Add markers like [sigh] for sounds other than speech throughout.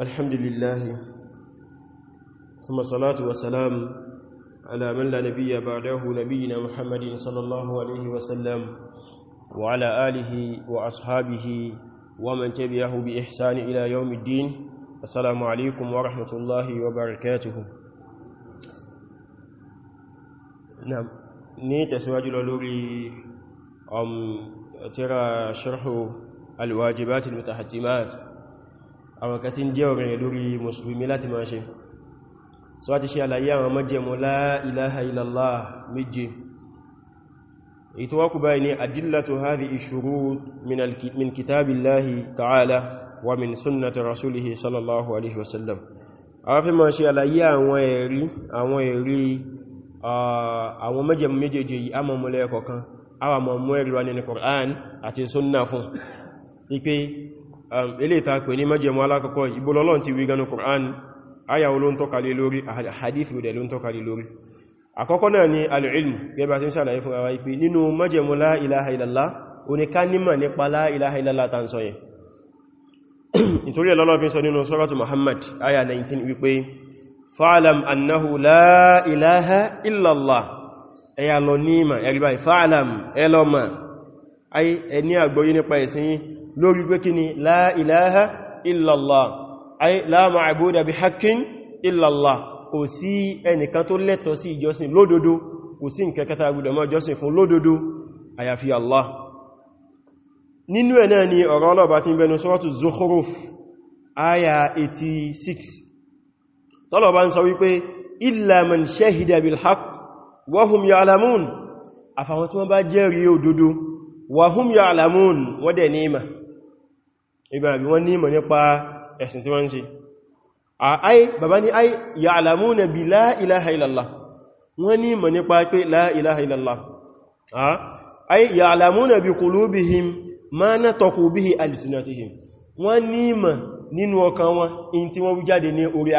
الحمد لله ثم صلاة وسلام على من لا نبي بعده نبينا محمد صلى الله عليه وسلم وعلى آله وأصحابه ومن تبعه بإحسان إلى يوم الدين السلام عليكم ورحمة الله وبركاته نعم نيت أسواج الألوري أم ترى شرح الواجبات المتحتمات àwọn kan tí ń jẹ́ ọ̀rẹ́ lórí mùsùlùmí láti máa ṣe so a ti ṣe àlàyé àwọn májẹ̀mú la ilaha illallah méje ètò wákù báyìí ni adillatu hadhihi shurut min kitabillahi ta'ala wa min sunnati rasulihi sallallahu alaihi wasallam àwọn fi máa ṣe àlàyé àwọn ẹ̀rí àwọn ẹ̀rí àwọn májẹ̀mú méjèèjì yìí kọ̀kan a wà ẹ̀rí wa nínú Qur'an àti sunna fún ipe ilé ìtàpẹ̀ ní májẹ̀mú alákọ̀ọ́kọ́ ìbọ̀lọ́lọ́n ti wí ganu Qur'an aya wo ló ń tọ́ka lé lórí hadith wo dẹ̀ ló ń tọ́ka lé lórí àkọ́kọ́ náà ni al-ilm gẹ́bà tí ń sàlàyé fún ara ipi nínú májẹ̀mú la ilaha illallah oníká nímọ̀ nípa la ilaha illallah ta ń sọ yẹn [clears throat] nítorí ẹlọ́lọ́ fi sọ nínú suratu Muhammad aya 19 wípé lórí pé kí ni la ilaha illallah ay la ma'abuda bi haqqin illallah kò sí ẹnìkan tó lẹ́tọ̀ sí ìjọsìn lódodo kò sí nǹkan kẹta gbọdọ̀ mọ́ ìjọsìn fún lódodo àyàfi Allah nínú ẹ̀ náà ni ọ̀rọ̀ ọlọ́ba ti bẹnu suratu Zukhruf aya 86 tọ́lọ̀bá ń sọ wípé illa man shahida bil haqq wa hum ya'lamun àfàwọn tí wọ́n bá jẹ́rìí òdodo wa hum ya'lamun wọ́dẹ̀ ní ìmà ìgbàbí wọ́n ní ìmọ̀ nípa ẹ̀sìn tí wọ́n ń ṣe àáyí bàbá ní àí ya'lamuna bi la ilaha illallah wọ́n ní ìmọ̀ nípa pé la ilaha illallah àáyí ya'lamuna bi qulubihim ma nataqu bihi alsinatihim wọ́n ní ìmọ̀ nínú ọkàn wọ́n ní orí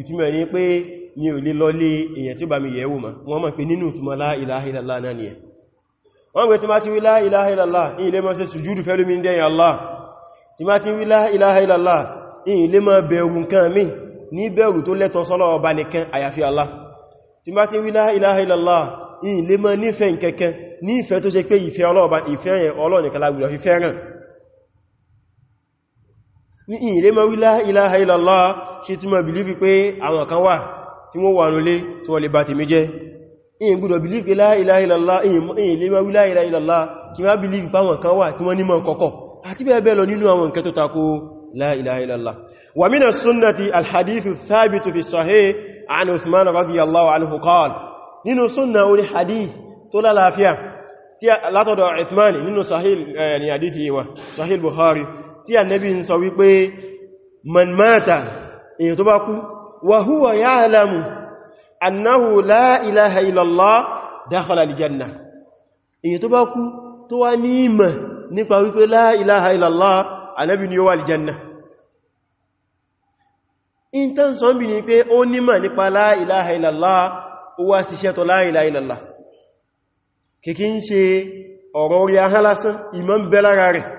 ìtumọ̀ ní pé ní ò lè lọlé èyàn tí ó bá mi yẹ̀wò ma wọ́n mọ̀ pé nínú ìtumọ̀ la ilaha illallah náà ni ẹ̀ wọ́n gbé tí má ti wí la ilaha illallah ní ilé mọ́ sí sùjúdù fẹ́lú mi dẹ́yìn Allah tí má ti wí la ilaha illallah ní ilé mọ́ bẹ̀rù nǹkan mi ní bẹ̀rù tó lẹ́tọ̀ ní ilé ma wí la ilaha illallah ṣe tí ma bìlífì pé àwọn kan wà tí wọ́n wà nulé tí wọ́n lè bá tèmi jẹ́ ìyìn gbọ́dọ̀ bìlífì pé la ilaha illallah ìyìn lè ma wí la ilaha illallah kí má bìlífì pé àwọn kan wà tí wọ́n nímọ̀ kọ̀kọ̀ àti bẹ́ẹ̀ bẹ́ẹ̀ lọ nínú àwọn nǹkan tó tako la ilaha illallah wa min as-sunnati al-hadithu thabitu fi sahih an Uthman lálàáfíà tí látọ̀dọ̀ Uthman nínú sahih eh, ni hadithi wa sahih tí Ànábì ń sọ wípé man mata èyàn tó bá kú wa huwa ya'lamu annahu la ilaha illallah dakhala aljanna èyàn tó bá kú tó wá ní ìmọ̀ nípa wípé la ilaha illallah Ànábì ni ó wà aljanna in tan sọ bí ni pé ó nímọ̀ nípa la ilaha illallah ó wá síṣẹ́ tó la ilaha illallah kìkí ń ṣe ọ̀rọ̀ orí ahán ìmọ̀ ń bẹ rẹ̀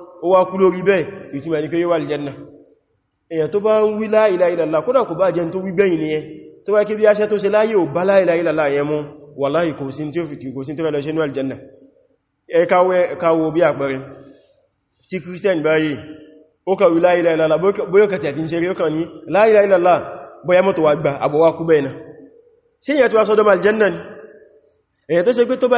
ó wá kú lórí bẹ́ẹ̀ ìtumẹ̀ ní pé yíwà aljanna èyàn tó bá ń wí la ilaha illallah kódà kò bá jẹ́ tó wí gbẹ̀yìn nìyẹn tó wá kí bí aṣẹ́ tó ṣe láyé ò bá la ilaha illallah yẹn mú wallahi kò sí tí ó fi kò sí tí ó fẹ́ lọ ṣe ní aljanna ẹ káwọ bí àpẹẹrẹ tí christian la ilaha illallah la ilaha illallah bóyá mọ́tò wà gbà àbọ̀wá kú bẹ́ẹ̀ na sí ìyẹn tó wá sọ́dọ̀ aljanna ni èyàn tó ṣe pé tó bá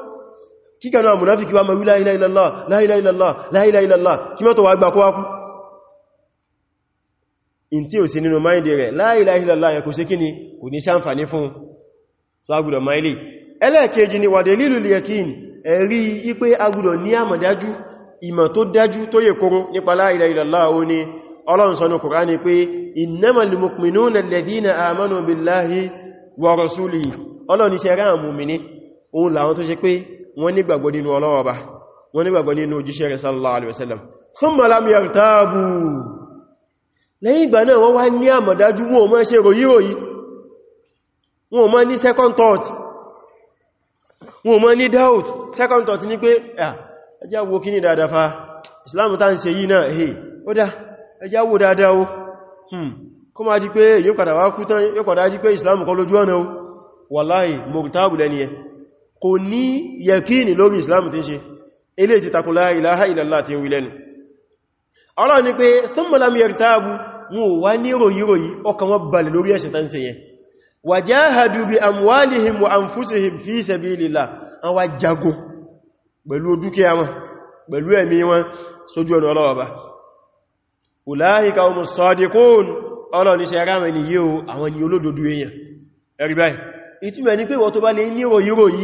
kíkà náà munafiki wá mawí la ilaha illallah la ilaha illallah la ilaha illallah kí mọ́ tó wà gbà kọ́wá kú in tí ò sí nínú máìdì rẹ̀ la ilaha illallah yẹ kò sí kíni kò ní sáǹfàní fún tó agudọ̀ ni wà yakin ẹ̀rí ipé agudọ̀ ní àmọ̀dájú ìmọ̀ tó dájú tó yẹ kóró nípa la ilaha illallah ó ní ọlọ́run sọ ní Kùránì pé innamal mu'minuna billahi wa rasulihi ọlọ́run iṣẹ́ rán mùmìnì òun làwọn tó ṣe pé wọ́n nígbàgbọ́ nínú Ọlọ́run Ọba wọ́n nígbàgbọ́ nínú òjíṣẹ́ rẹ̀ sallallahu alaihi wasallam thumma lam yartabu lẹ́yìn ìgbà náà wọ́n wá ní àmọ̀dájú wọn mọ́ ṣe ròyíròyí wọn mọ́ ní second thought second pé fa hey eh, wo o hmm. kàdà wá kú tán yóò kàdà jí pé o wallahi kò ní yẹ̀kíni lórí islam tí ń ṣe ilé ti takò la ilaha illallah tí ń wí lẹ́nu ọ̀rọ̀ ni pé thumma lam yartabu mú wá ní ròyíròyí ọkàn wọn balẹ̀ lórí ẹ̀ṣẹ̀ tán ṣe yẹn wajahadu bi amwalihim wa anfusihim fi sabilillah an wá jago pẹ̀lú dúkìá wọn pẹ̀lú ẹ̀mí mẹ́ ni yíò àwọn ni olódodo èèyàn ẹ̀rí ìtumẹ̀ ni pé wọ́n tó bá lè ní ròyíròyí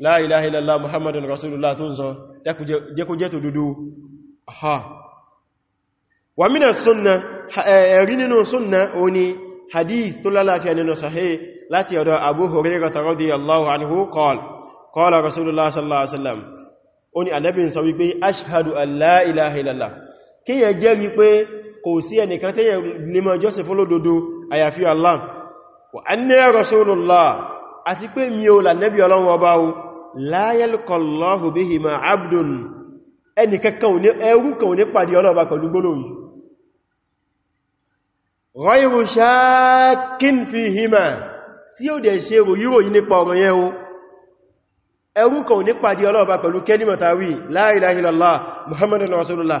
la ilaha illallah muhammadun rasulullah tó ń sọ jẹ́kójẹ́ tó dúdú ha wà mínà súnnà ẹ̀rí nínú súnnà o ni hadith tó lálàáfíà nínú sahih láti ọ̀dọ̀ abu hurairah radiyallahu anhu qala qala rasulullah sallallahu alaihi wasallam ó ní Ànábì ń sọ wí pé ashhadu an la ilaha illallah kí yẹ jẹ́rìí pé kò sí ẹnìkan tẹ́yẹ nímọ̀ jọ́sìn fólódodo àyàfi Allah wa anna rasulullah àti pé mi ò lànẹ́bí ọlọ́run ọba la yalqallahu bihima abdun ẹni kankan ò ní ẹrú kan ò ní pàdé ọlọ́ọ̀bá pẹ̀lú gbólóhùn ghayru shakkin fihima tí ó dẹ̀ ṣe ròyírò yí nípa ọ̀rọ̀ yẹn o ẹrú kan ò ní pàdé ọlọ́ọ̀bá pẹ̀lú kẹ́límọ̀tàwí la ilaha illallah muhammadun rasulullah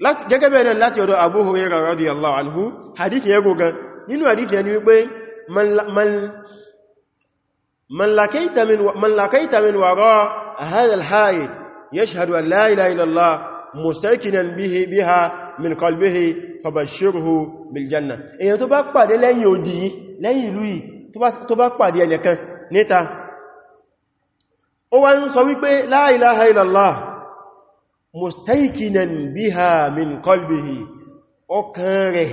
gẹ́gẹ́ bẹ̀rẹ̀ láti ọ̀dọ̀ Abu Hurairah radiyallahu anhu hadith yẹn gogan nínú hadith yẹn ni wípé man lakaita min wara hadha al-haid yashhadu an la ilaha illallah mustaqinan bihi biha min qalbihi fabashshirhu bil janna èyàn tó bá pàdé lẹ́yìn odi lẹ́yìn ìlú yìí tó bá pàdé ẹnìkan níta ó wá ń sọ wípé la ilaha mustaikinan biha min qalbihi ọkàn rẹ̀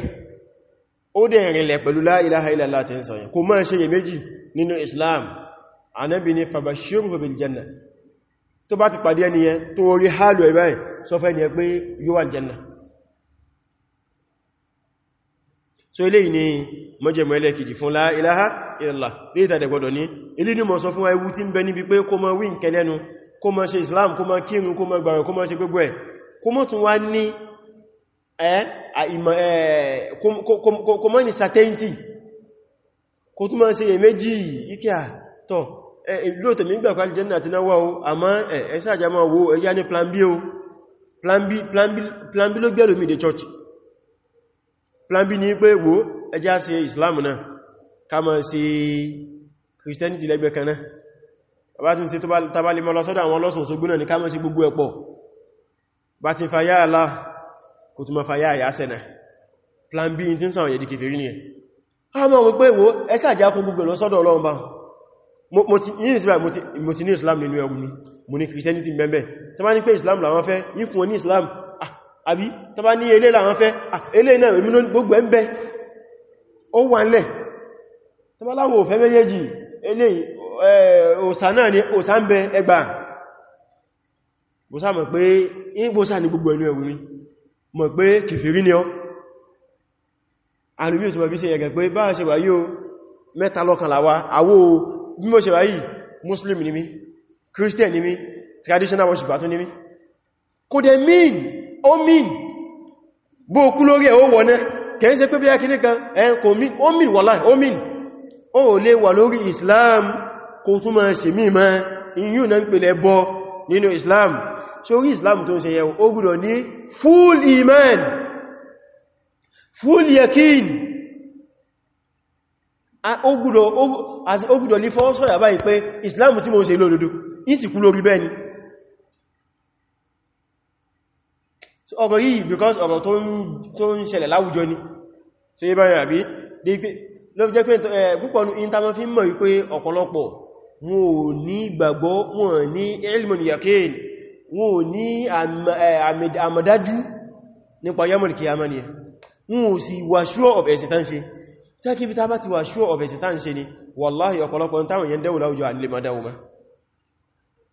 ó dẹ̀ rìnlẹ̀ pẹ̀lú la ilaha illallah tí ń sọ yẹn kò máa ṣe yẹ méjì nínú islam anábi ni fabashirhu bil janna tó bá ti pàdé ẹni yẹn tó rí hálù ẹ̀ báyìí sọ fẹ́ ni ẹ pé yíwà janna so ilé ni mọ́jẹ̀mọ́ ẹlẹ́kìjì fún la ilaha kó má ṣe islam kó má kírun kó má gbààwẹ̀ kó má ṣe gbogbo ẹ̀ kó má tún wá ní kó má ní certainty kó tún má ṣe èméjì ike à tọ́ lóòtẹ̀ mi gbà kwàlì jẹ́nà àti náwà o a àmá ẹ̀ṣà àjámọ́ owó ẹjá ní plan b o plan b ló gbẹ̀rù mi dé church plan b ní pé wo ẹjá ṣe islam náà ká má ṣe christianity lẹ́gbẹ̀ẹ́ kan náà bá ti ń ṣe tàbálì mọ́ lọ́sọ́dọ̀ àwọn ọlọ́sùn Òṣogbo náà ní ká mọ́ sí gbogbo ẹ̀pọ̀ bá ti fàyà àlá kò túnmọ̀ fàyà àyà sẹ́nà plan b tí ń sọ àwòyẹ̀ dìkẹ̀ fèrí ní ẹ̀ ọmọ wípé ìwò ẹsà jẹ́ akún gbogbo lọ́sọ́dọ̀ Ọlọ́run bá mo ti ní ni mo Islam làwọn fẹ́ ìfún Islam àbí tó bá ní ilé làwọn fẹ́ ilé náà èmi ló gbogbo ẹ̀ ń bẹ ó wà ń lẹ̀ tó òsà eh, náà ni òsà ń bẹ ẹgbà bọ́sá mọ̀ pé ìgbòsà ní gbogbo ẹnu ẹ̀wù mi mọ̀ pé kìfèrí ni ọ alùbí òtù mọ̀ bí ṣe yẹ̀gẹ̀ pé bá ṣe wà yíò mẹ́ta lọ́kànlá wa àwọ bí mo ṣe wà yìí muslim ni mi christian ni mi traditional worship àtún ni mi kò dẹ̀ mean ó mean bó kú lórí ẹ̀ ó wọ́n kẹ́ ń ṣe islam kó tún máa ṣe mí mọ́ iyún náà ń pèlẹ̀ bọ́ nínú Islam ṣe orí Islam tó ń ṣe yẹ̀wò ó gbọ́dọ̀ ní full iman full yakin ó gbọ́dọ̀ ní fọ́ọ́sọ̀ yàbá ìpé Islam tí mo ṣe lódodo ìsìnkú lórí bẹ́ẹ̀ ni ọ̀rọ̀ yìí because ọ̀rọ̀ tó ń ṣẹlẹ̀ láwùjọ ni tí ó yẹ báyìí àbí lọ́fí pé púpọ̀ ní ìntàmọ́fí mọ̀ wípé ọ̀pọ̀lọpọ̀ wọn ò ní gbàgbọ́ wọn ò ní ilmun yakin wọn ò ní àmàdájú nípa yamul kiyama ni wọn ò sì wà sure of existence tẹ́kí bí ta bá ti wà sure of existence ni wallahi ọ̀pọ̀lọpọ̀ táwọn yẹn dẹ́wò láwùjọ àlèmọ́dáwò ma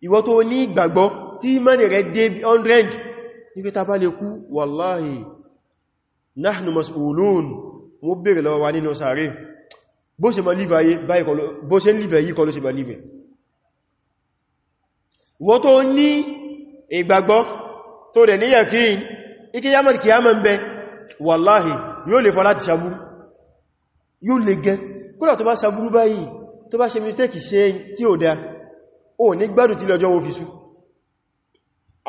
ìwọ tó ní bó ṣe lífẹ̀ yí kọ́ ló ṣe bá lífẹ̀ wọ́n tó ní ìgbàgbọ́ tó rẹ̀ ní yakin ike yamar kiyama ń bẹ wàláhì yóò lè fọ́ láti sàbúrú yóò lè gẹ kúrò tó bá sàbúrú báyìí tó bá ṣe mistake ṣe tí ó dá o ní gbádùn tí lọ́jọ́ ofisu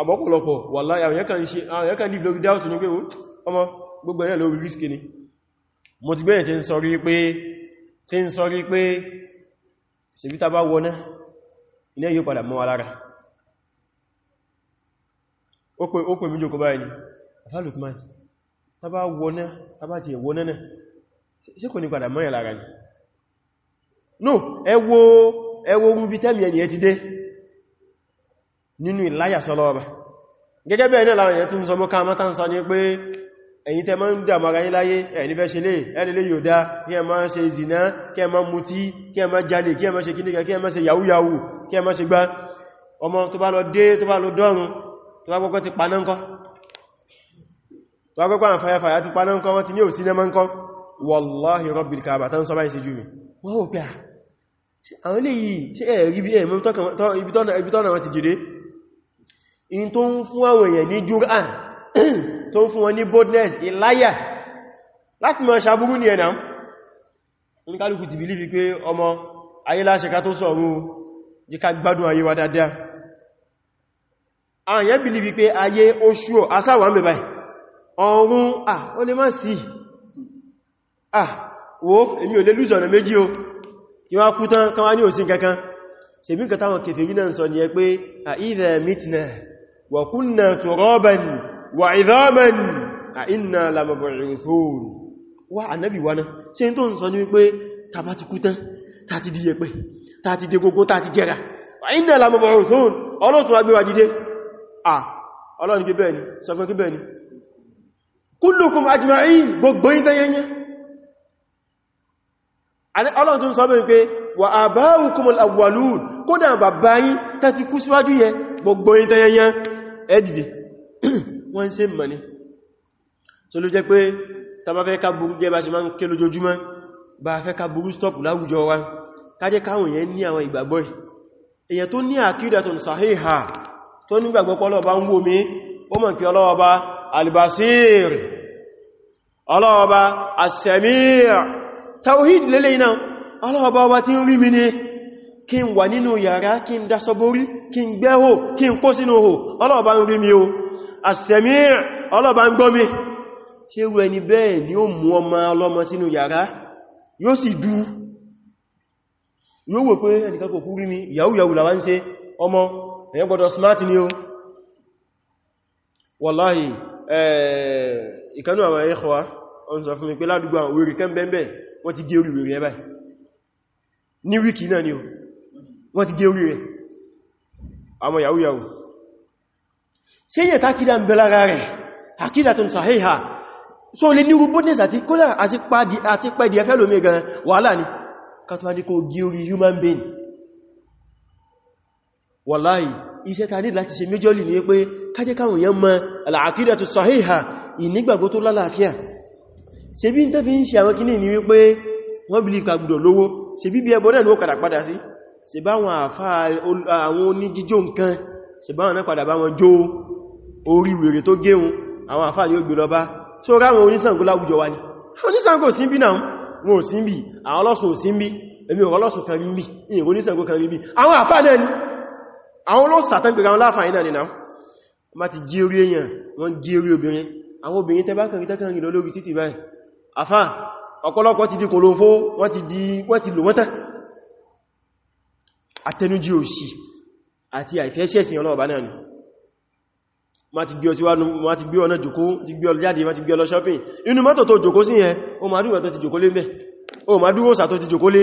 àmọ́pọ̀lọpọ̀ wàláhì àwọn yẹ́kàn tí ń sọrí pé ṣèbítà bá wọná ilé yóò padà mọ́ alára ó pè mí jòkó báyìí afá Lukman ta bá wọná ta bá ti wọná náà ṣe kò ní padà mọ́ alára ni no ẹwọ ẹwọ orú bí tẹ́mì ẹni ẹ ti dé nínú ìláyà gẹ́gẹ́ bẹ́ẹ̀ náà láwọn tún èyí tẹ ma ń dà mara yí láyé ẹ̀nìfẹ́ ṣe lè ẹ̀lẹ́lẹ́ yóò dá kí ẹ ma ṣe ìzìná kí ẹ ma mutí kí ẹ ma jalè kí ẹ ma ṣe kíníkà kí ẹ ma ṣe yàwúyàwú kí ẹ ma ṣe gbá ọmọ tó bá lọ dé tó bá lọ dọ́run wallahi rabbil kaaba tán sọ́bá ìṣẹ́jú mi wọ́n ò pẹ́ àwọn ilé yìí ṣe ẹ̀rí bí ẹ̀mọ́ ibi tọ́nà wọn ti jìde in tó ń fún àwọn èèyàn ní jùrán tó ń fún wọn ní boldness ìláyà láti mọ̀ ṣàbúrú ní ẹ̀nà ní kálùkù ti bìlífi pé ọmọ ayé láṣẹká tó sọ̀rún jíká gbádùn ayé wa dáadáa àwọn yẹn bìlífi pé ayé oṣù asáwà mẹ́bà ọ̀run à ó lè má sí à wo èmi ò lè lùsọ̀nà méjì o kí wá kú tán kan wá ní òsìn kankan ṣebí nǹkan táwọn kèfèrí náà sọ ni وعظاما أئنا لمبعوثون wá ànábì wa náà ṣe tó ń sọ ní wípé tàbá ti kú tán tàti di yẹpẹ tàti di gbogbo tàti jẹra inna lamab'uthun ọlọ́tún agbéra dìde à ọlọ́run kí bẹ́ẹ̀ ni kódà bàbá yín tàti kú síwájú yẹ gbogbo ìtẹ́yẹnyẹ ẹ dìde [clears throat] wọ́n ṣe mọ̀ ní so ló jẹ́ pé tàbá fẹ́ ká burú jẹ́ bá ṣe máa ń ké lójoojúmọ́ bá fẹ́ ká burú stop láwùjọ wa kájẹ́ káwọn èèyàn ní àwọn ìgbàgbọ́ èèyàn tó ní àkídàtun sahiha tó ní gbàgbọ́ pọ́lọ́ọ̀bá kí n wà nínú yàrá kí n o as-sami' ọlọ́bà ń gbọ́ mi tí ó ẹni bẹ́ẹ̀ ni ó mú ọmọ ọlọ́mọ sínú yàrá yóò sì dú yóò wò pé ẹnìkan kò kúrí mi yàúyàú làwá ń ṣe ọmọ ẹ̀yẹn gbọdọ̀ smart ni o wallahi ìkanú àwọn ẹ̀kọ́ wa wọ́n sọ fún mi pé ládùgbà wèrè kẹ́ bẹ́ẹ̀bẹ́ wọ́n ti ni o wọ́n ti gé orí ṣe yẹ takida ń bẹ̀lára rẹ̀ akida tún sahiha so lè ní robotness àti kódà àti pẹ́dì ẹfẹ́ lómi gan wàhálà ni kàtàwà ní kò gí orí human being wàláhì iṣẹ́ ta ní láti ṣe méjọ́lì ní pé kájẹ́ káwọn yẹn mọ́ al'akida tún sahiha ìnígbàgbọ́ tó lálàáfíà ṣe bí n tẹ́fi ń ṣe àwọn kìíní ní wípé wọ́n bí líka gbùdọ̀ lówó ṣe bí bí ẹbọ náà ní ó kàdà bá wọn àfáà àwọn oníjíjó nǹkan ṣe bá wọn náà padà bá wọn jó orí wèrè tó géun àwọn àfáà yóò gbé lọ bá tí ó ráwọn oníṣàngó láwùjọ wa ní oníṣàngó sí bí náà wọn ò sí bí àwọn ọlọ́sùn ò sí bí èmi ọlọ́sùn kan rí bí ìyìn oníṣàngó kan rí bí àwọn àfáà náà ni àwọn ló sàtán gbèrà wọn láàfàà náà ni náà ma ti gé orí èèyàn wọ́n gé orí obìnrin àwọn obìnrin tẹ́bá kan rí tẹ́kàn rí lọ lórí títì báyìí àfá ọ̀pọ̀lọpọ̀ ti di kòlófó wọ́n ti di wọ́n ti lò wọ́n tán àtẹnújí òṣì àti àìfẹ́ṣẹ́sìn ọlọ́ọ̀bá náà ni ma ti gbé ọ síwájú ma ti gbé ọ̀nà jòkó ti gbé ọ jáde ma ti gbé ọ shopping inú mọ́tò tó jòkó sí yẹn o ma dúró tó ti jòkó lé mẹ́ o ma dúró sà tó ti jòkó lé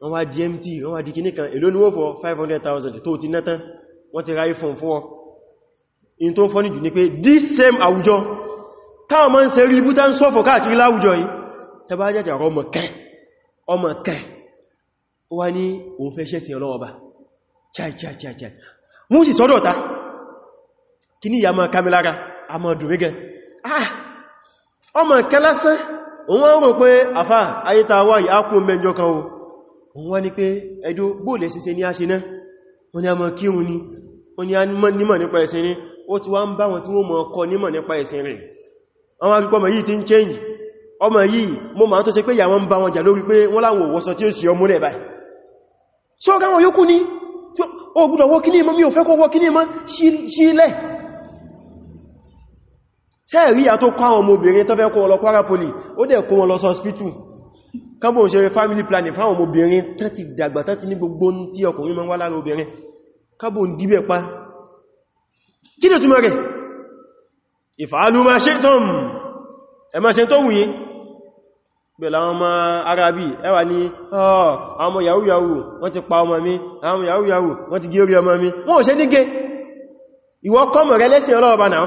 wọ́n wá di mt wọ́n wá di kìní kan èló ni wọ́n fọ́ 500,000 tó ti nẹ́tán wọ́n ti ra iPhone fún ọ in tó fọ́ ní jù ní pé this same àwùjọ táwọn ma ń ṣe rí bútá ń sọ́fọ̀ káàkiri láwùjọ yìí tẹbá jẹ́jà ọmọ kẹ́ ọmọ kẹ́ ó wá ní òun fẹ́ ṣẹ́sìn ọlọ́wọ́ bá chai chai chai chai mú sì sọ́dọ̀ ta kí ní ìyàmọ̀ kamilára àmọ̀ dùrígẹ̀ ah! ọmọ kẹlásán wọ́n rò pé àfá ayétà wà yìí ákùn mẹ́jọ kan o wọ́n ní pé ẹjọ́ bóòlẹ̀ síse ní àṣẹ náà wọ́n ní a mọ̀ kírun ni wọ́n ní a nímọ̀ nípa ẹ̀sìn ni ó ti wá ń bá wọn tí wọ́n mọ̀ kọ nímọ̀ nípa ẹ̀sìn rẹ̀ wọ́n wá gbọ́mọ̀ yìí ti ń change ọmọ yìí ni ó gbọ́dọ̀ wọ́kí ní ìmọ̀ mi ò fẹ́ kó wọ́kí ní ìmọ̀ sílẹ̀ ṣe rí à tó kọ́ àwọn ọmọbìnrin tó fẹ́ kó wọn lọ Kwara Poly ó dẹ̀ kó wọn lọ sọ́spítù kábọ̀ ṣe family planning fáwọn ọmọbìnrin tán ti dàgbà tán ti ní gbogbo tí ọkùnrin ma ń wá lára obìnrin kábọ̀ ń díbẹ̀ pa kí ni túnmọ̀ rẹ̀ ìfàálù ma ṣe tán ẹ ma ṣe tó wù yín bẹ̀lá àwọn ọmọ Arabi ẹwà ní àwọn yahoo yahoo wọ́n ti pa ọmọ mi àwọn yahoo yahoo wọ́n ti gé orí ọmọ mi wọ́n ò ṣe ní gé ìwọ kọmọ̀ rẹ lẹ́sìn ọlọ́ọ̀bá náà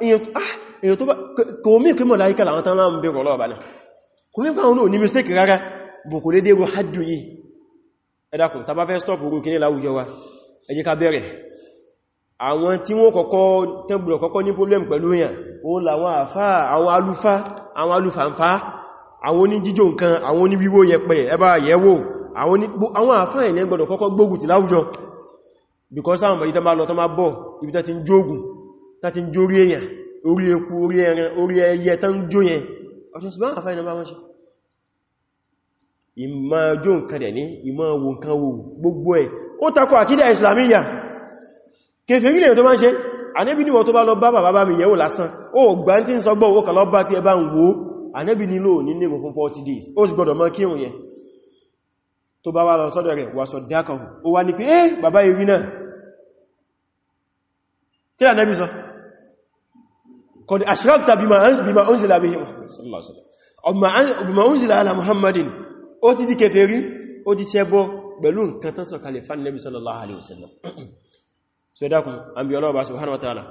Ah, èyàn tó bá kò mí pé mọ̀láíkà làwọn tán láàrín bèèrè ọlọ́ọ̀bá náà kò mí fáwọn ní mistake rárá bù kò lé dérò hajjú yìí ẹ dákun tàbá fẹ́ stop ogun kìí láwùjọ wa ẹ jẹ́ ká bẹ̀rẹ̀ àwọn tí wọ́n kọ́kọ́ tẹ́gbùrọ̀ kọ́kọ́ ní problem pẹ̀lú yàn ó làwọn àfá àwọn alúfá àwọn alúfàǹfá àwọn oní jíjó nǹkan àwọn oní wíwó yẹpẹ ẹbá yẹwò àwọn àfá ìlẹ́gbọ̀dọ̀ kọ́kọ́ gbógun because àwọn bàrí tán bá lọ tàti jórí èyàn orí eku orí ẹran orí ẹyẹ tán jó yẹn ọ̀ṣọ́ sí bá àfáì náà bá wọ́n ṣe ìmá jó nǹkan dẹ̀ ní ìmá wo nǹkan wo gbogbo ẹ̀ ó takọ àkídà islamiyya kèfèrí lè tó bá ṣe anẹ́bí níwọ̀ tó bá lọ bá bàbá kí ẹ days ó sì gbọ́dọ̀ mọ́ kí òun yẹn tó bá wá eh bàbá ìrìnà kí anẹ́bí sọ قد أشركت بما بما أنزل به محمد صلى الله عليه وسلم أما بما أنزل على محمد ó ti di kèfèrí ó ti ṣẹbọ pẹ̀lú nǹkan tán sọ̀kalẹ̀ fún Nabi sallallahu alaihi wasallam [clears throat] so dákun an bi Ọlọ́run ba subhanahu wa ta'ala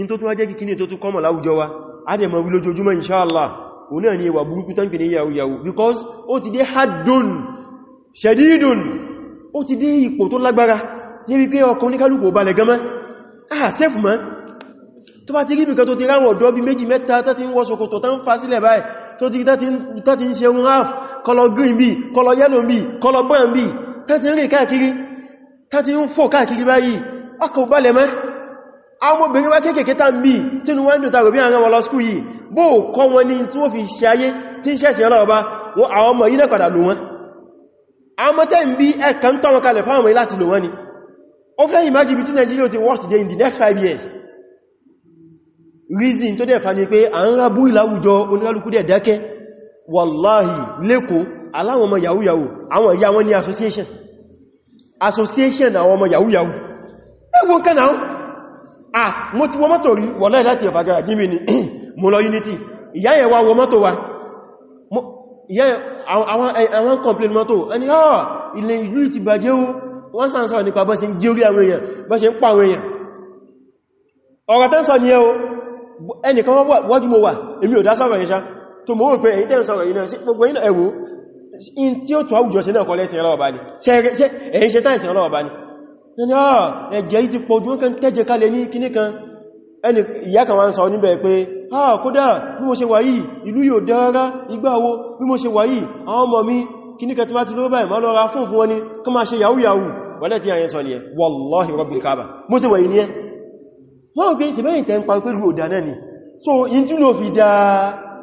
in tó tún wá jẹ́ kí kíni tó tún kọ́mọ̀ láwùjọ wa a dẹ̀ ma wí lójoojúmọ́ inshallah òun náà ni ìwà burúkú tán pè ní yahoo yahoo because ó ti dé haddun shadidun ó ti dé ipò tó lágbára ní wípé ọkàn oníkálùkù ò balẹ̀ gama ah sef man tó bá ti rí bìkan tó ti ráwọn ọ̀dọ́ bí méjì mẹ́ta tó ti ń wọ ṣòkòtò tó ń fa sílẹ̀ báyìí tó ti ń ṣe un half color green bí color yellow bí color brown bí tó ti ń rìn káàkiri tó ti ń fò káàkiri báyìí ọkọ̀ balẹ̀ mẹ́ àwọn obìnrin wá kéèkèé tá ń bí tí ní wọ́n ń dòta rẹ̀bí àwọn ọlọ́ skú yìí bó kọ́ wọn ní tí wọ́n fi ṣe ayé tí ń ṣẹ̀sìn ọlọ́ọ̀bá wọ́n àwọn ọmọ yìí náà padà lò wọ́n àwọn mọ́tẹ́ ń bí ẹ̀kà ń tọ́wọn kalẹ̀ fáwọn láti lò wọ́n ni ó fẹ́ ìmájìbí tí Nigeria ti worst day in the next five years reason tó dẹ̀ fa ní pé a ń rábú ìláwùjọ onílálùkú dẹ̀ dákẹ́ wallahi lẹ́kọ́ aláwọn ọmọ yahoo yahoo àwọn ìyá wọn ní association association àwọn ọmọ yahoo yahoo ẹgbọ́n kan náà à mo ti wọ mọ́tò rí wallahi láti ọ̀fàgà gími ni [clears throat] mo lọ unity ìyá yẹn wá wọ mọ́tò wa àwọn complain mọ́tò ẹni ọ́ ilẹ̀ ìlú ti bàjẹ́ wọ́n sàn sọ nípa bọ́ sí ń orí àwọn èèyàn bọ́ sí ń pàwọn èèyàn ọ̀rọ̀ tẹ́sọ ni ẹ o ẹnìkan wọ́jú mo wà èmi ò dá sọ̀rọ̀ yẹn ṣá tó mọ́ wọ́n pé èyí tẹ́ẹ̀ sọ̀rọ̀ yìí gbogbo yìí ẹ̀wò in tí ó tó àwùjọ sí náà kọlẹ̀ ìsìnlọ́wọ́ bá ní ẹ̀yìn ṣe táì ìsìnlọ́wọ́ bá ní ẹjẹ́ yìí ti pọ̀ jù kan tẹ́jẹ kalẹ̀ ní kíní kan ẹni ìyá kan wá ń sọ níbẹ̀ pé ah kódà bí mo ṣe wà yìí ìlú yóò dára ìgbàwo bí mo ṣe wà yìí àwọn ọmọ mi kíní kan tí wá ti ló báyìí má lọ ra fún fún wọn ni kọ́ máa ṣe yahoo yahoo wọ́lẹ̀ tí a yẹn sọ ni ẹ wallahi rabbil kaaba mo ṣe wà yìí ni ẹ wọ́n gbé ìsẹ̀mẹ́ ìtẹ́ ń pa pé lù òdá náà ni so in tí ló fi dá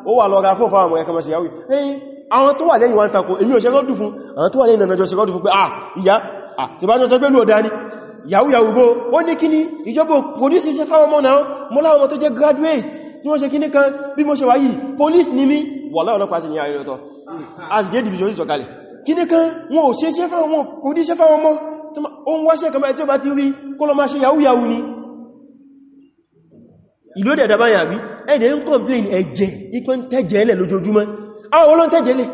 ó wà lọ́ra fún fáwọn ẹ̀kọ́ mọ̀ sí yàwó ẹ̀yìn àwọn tó wà lẹ́yìn wọn tako èyí ò ṣẹ́gọ́dù fún àwọn tó wà lẹ́yìn ìrìnàjò ṣẹ́gọ́dù fún pé ah ìyá àtìbájọ́ ah, sọ pé lù òdá ni yàwó yàwó bó ó ní kíní ìjọba polisi iṣẹ́ fáwọn ọmọ náà mọ́ láwọn tó jẹ́ graduate tí wọ́n ṣe kíní kan bí mo ṣe wà yìí police ni mí wà láwọn ọlọ́pàá sí ní àárín ọ̀tọ̀ as gay division ìsọ̀kalẹ̀ kíní kan wọn ò ṣe iṣẹ́ fáwọn ọmọ kò ní iṣẹ́ fáwọn ọmọ ó ń wáṣẹ́ kan bá tí ó bá ti rí kó lọ máa ṣe yàwó ìlú ẹ̀dẹ̀ àdábá yàbí ẹ̀dẹ̀ ń complain ẹ̀jẹ̀ ipẹ́ ń tẹ́jẹ̀ ẹlẹ̀ lójoojúmọ́ àwọn olóń tẹ́jẹ̀ ẹlẹ̀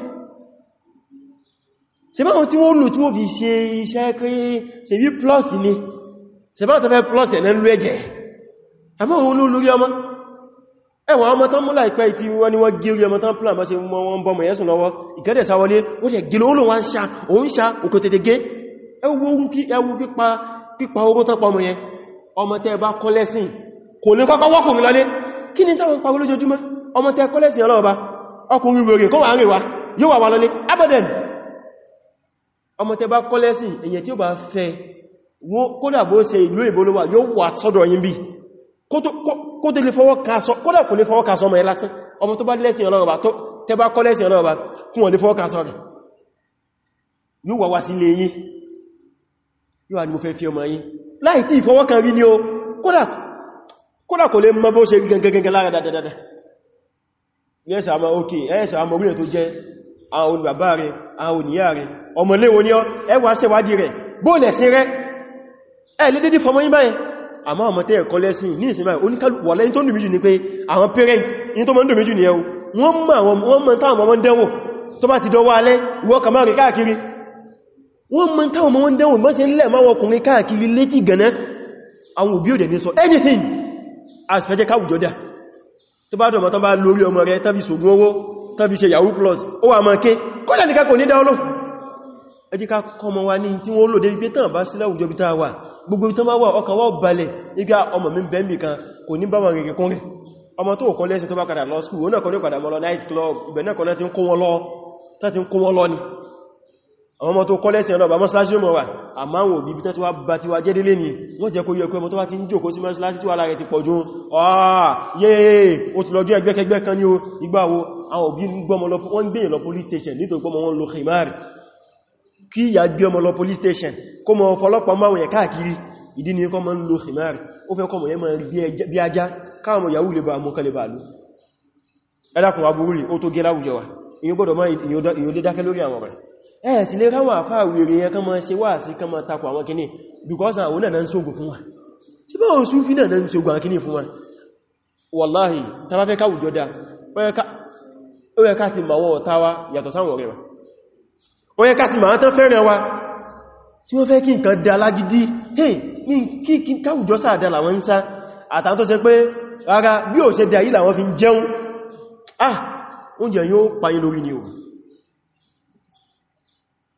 ṣebá wọn tí wọ́n lò tí wọ́n fi ṣe iṣẹ́ kí ṣe bí plus ní ṣebá tó fẹ́ plus ẹ̀ lẹ́nu ẹ̀jẹ̀ àmọ́ wọn lórí ọmọ ẹwà ọmọ tán múlá ìpẹ́ ìtí wọ́n ni wọ́n gé orí ọmọ tán plan bá ṣe mọ́ wọn bọ́mọ̀ yẹ́sùn lọ́wọ́ ìkẹ́dẹ̀ sáwọlé ó ṣe gílò olùn wá ń ṣá òun ṣá òkò tètè gé ẹwú pípa ogun tán pọ̀ mọ̀ yẹn ọmọ tẹ́ bá kọ́lẹ́sìn kò lè kọ́kọ́ wọ́kùnrin lọlé kí ni táwọn pàwọ́ lójoojúmọ́ ọmọ tẹ kọ́lẹ̀sì ọlọ́ọ̀bá ọkùnrin wèrè kọ́ wà ń rèwà yóò wà wà lọlé abadan ọmọ tẹ bá kọ́lẹ̀sì èyẹ tí ó bá fẹ́ kódà bó ṣe ìlú ìbólówà yóò wà sọ́dọ̀ yín bí kódà kò lè fọwọ́ kásọ ọmọ ẹ lásán ọmọ tó bá lẹ́sìn ọlọ́ọ̀bá tẹ ìfọwọ́kan rí ní o kódà kódà kò lè mọ́ bó ṣe gẹ́gẹ́gẹ́gẹ́ lára dáadáa yẹ́sà àmà òkè ẹ́sà àmà orílẹ̀ tó jẹ́ àwọn olùbàbá rẹ̀ àwọn òníyà rẹ̀ ọmọléwò ní ẹwà ṣẹwàdí rẹ̀ bóòlẹ̀ sí rẹ̀ ẹ̀ lé dédé fọmọ yíbáyẹ àmá ọmọ tẹ́ ẹ̀kọ́ lẹ́sìn ní ìsinmi oníkàlùkù wà lẹ́yìn tó ń dùn méjì ní pé àwọn parent in tó mọ́ ń dùn méjì ní ẹwù wọ́n mọ̀ wọ́n mọ̀ táwọn ọmọ ń dẹ́wò tó bá ti dọwọ́ alẹ́ ìwọ́ kà àwọn òbí ò dẹ̀ ní sọ anything asìfẹ́jẹ́ káwùjọ dá tó bá dọ̀mọ̀ tó bá lórí ọmọ rẹ̀ tàbí ṣògùn owó tàbí ṣe yahoo plus ó wà mọ́ké kọ́lá ní kákò ní dáọ́lọ́ ẹjí ká kọmọ wa ní tí wọ́n lò dé wípé tàn bá sí láwùjọ bí táa gbogbo ìtàn bá wà ọkàn wọ́n balẹ̀ nígbà ọmọ mi bẹ́ẹ̀mì kan kò ní bá wọn rẹ̀ rẹ̀ ọmọ tó kọ́ lẹ́sìn tó bá padà lọ ó náà kọ́ ní padà mọ́ lọ night àwọn ọmọ tó kọ́lẹ́sìn ọlọ́bà mọ́síláṣí mọ̀ wà àmá àwọn òbí tẹ́ tí wá bá tí wá jẹ́ délé ní wọ́n jẹ́ kó yẹ kó ẹmọ tó wá ti ń jòkó sí mọ́síláṣí tí wà láàrẹ ti pọ̀jú ọ̀á yẹ́ police station nítorí pé ọmọ wọn lo police station kó mọ fọlọ́pàá máwọn yẹ káàkiri ìdí ni kọ́ mọ́ ń lo khimar ó ba mọ́ kẹlẹ̀ bà lú ẹ̀dàkùn aburú ó tó gẹ́láwùjọ wa ìyẹn gbọ́dọ̀ mọ́ ìyẹn ó lé lórí àwọn ọ̀rẹ́ ẹ̀ sì lè ráwọn àfáà wèrè yẹn kán ṣe wà sí kán máa takò àwọn kìíní because àwọn náà ń ṣògùn fún wa tí bá òun súnfí náà ń ṣògùn àkíní fún wa wàláhì tàbá fẹ́ káwùjọ dá ó yẹ ti ma wọ́n ọ̀tá yàtọ̀ sáwọn ọ̀rẹ́ ti ma wa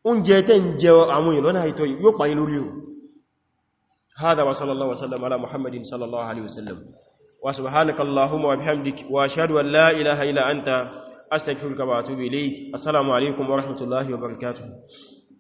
oúnjẹ tẹ́ ń jẹ àwọn ìlọ́nà àìtọ́ yóò pàyí lórí o hádà wa sallallahu wasallam ala muhammadin sallallahu alaihi wasallam wa subhanaka allahumma wa bihamdik wa ashhadu an la ilaha illa anta astaghfiruka wa assalamu alaikum wa rahmatullahi wa barakatuh